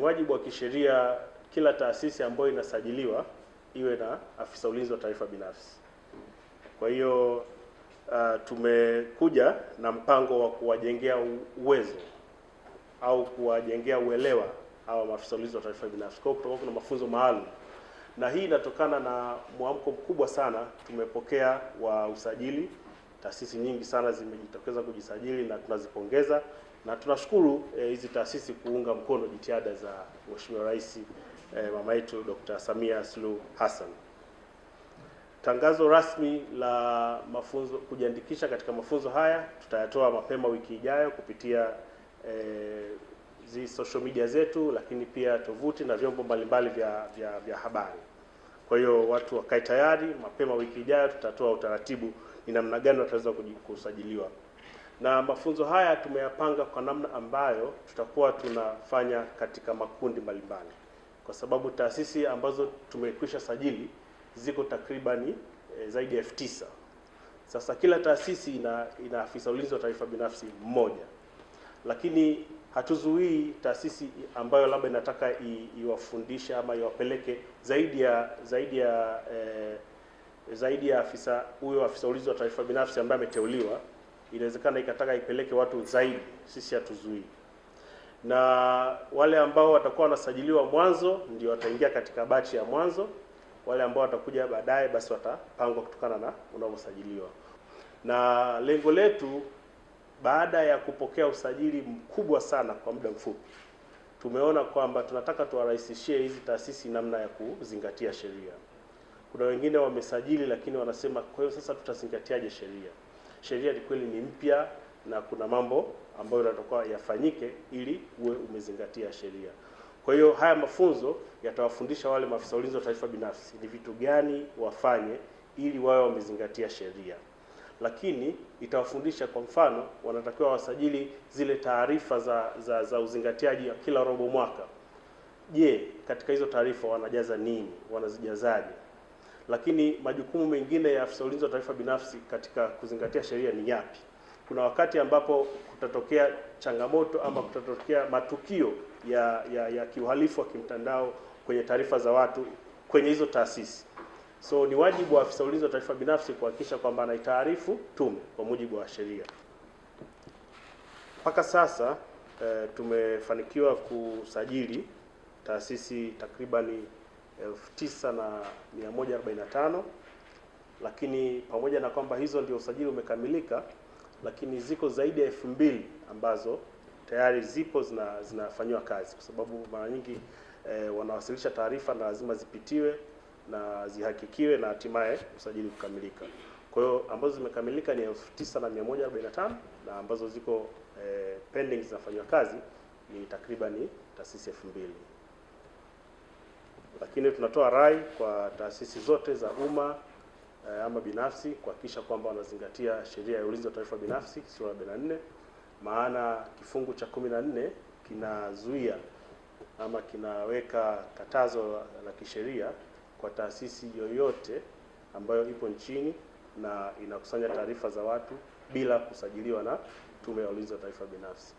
Wajibu wa kisheria kila taasisi ambayo inasajiliwa iwe na afisa ulinzi wa taarifa binafsi. Kwa hiyo uh, tumekuja na mpango wa kuwajengea uwezo au kuwajengea uelewa hawa maafisa ulinzi wa taarifa binafsi. Kwa hiyo kutakuwa kuna mafunzo maalum, na hii inatokana na mwamko mkubwa sana tumepokea wa usajili. Taasisi nyingi sana zimejitokeza kujisajili na tunazipongeza na tunashukuru eh, hizi e, taasisi kuunga mkono jitihada za Mheshimiwa Rais e, mama yetu Dr. Samia Suluhu Hassan. Tangazo rasmi la mafunzo kujiandikisha katika mafunzo haya tutayatoa mapema wiki ijayo kupitia e, zi social media zetu, lakini pia tovuti na vyombo mbalimbali vya, vya, vya habari. Kwa hiyo watu wakae tayari, mapema wiki ijayo tutatoa utaratibu ni namna gani wataweza kusajiliwa na mafunzo haya tumeyapanga kwa namna ambayo tutakuwa tunafanya katika makundi mbalimbali, kwa sababu taasisi ambazo tumekwisha sajili ziko takribani e, eh, zaidi ya elfu tisa. Sasa kila taasisi ina, ina afisa ulinzi wa taarifa binafsi mmoja, lakini hatuzuii taasisi ambayo labda inataka iwafundishe ama iwapeleke zaidi ya zaidi ya e, zaidi ya afisa huyo afisa ulinzi wa taarifa binafsi ambaye ameteuliwa inawezekana ikataka ipeleke watu zaidi, sisi hatuzuii. Na wale ambao watakuwa wanasajiliwa mwanzo ndio wataingia katika bachi ya mwanzo, wale ambao watakuja baadaye basi watapangwa kutokana na unavyosajiliwa. Na lengo letu baada ya kupokea usajili mkubwa sana kwa muda mfupi, tumeona kwamba tunataka tuwarahisishie hizi taasisi namna ya kuzingatia sheria. Kuna wengine wamesajili, lakini wanasema kwa hiyo sasa tutazingatiaje sheria? sheria ni kweli ni mpya na kuna mambo ambayo yanatakiwa yafanyike ili uwe umezingatia sheria. Kwa hiyo haya mafunzo yatawafundisha wale maafisa ulinzi wa taarifa binafsi ni vitu gani wafanye ili wawe wamezingatia sheria, lakini itawafundisha kwa mfano, wanatakiwa wasajili zile taarifa za, za, za uzingatiaji kila robo mwaka. Je, katika hizo taarifa wanajaza nini? Wanazijazaje? lakini majukumu mengine ya afisa ulinzi wa taarifa binafsi katika kuzingatia sheria ni yapi? Kuna wakati ambapo kutatokea changamoto ama kutatokea matukio ya, ya, ya kiuhalifu wa kimtandao kwenye taarifa za watu kwenye hizo taasisi. So ni wajibu wa afisa ulinzi wa taarifa binafsi kuhakikisha kwamba anaitaarifu tume kwa mujibu wa sheria. Mpaka sasa eh, tumefanikiwa kusajili taasisi takribani 9145 lakini pamoja na kwamba hizo ndio usajili umekamilika, lakini ziko zaidi ya elfu mbili ambazo tayari zipo zina zinafanyiwa kazi, kwa sababu mara nyingi e, wanawasilisha taarifa na lazima zipitiwe na zihakikiwe na hatimaye usajili kukamilika. Kwa hiyo ambazo zimekamilika ni 9145 na ambazo ziko e, pending zinafanyiwa kazi ni takribani taasisi elfu mbili lakini tunatoa rai kwa taasisi zote za umma eh, ama binafsi kuhakikisha kwamba wanazingatia sheria ya ulinzi wa taarifa binafsi sura 44, maana kifungu cha 14 kinazuia ama kinaweka katazo la kisheria kwa taasisi yoyote ambayo ipo nchini na inakusanya taarifa za watu bila kusajiliwa na Tume ya Ulinzi wa Taarifa Binafsi.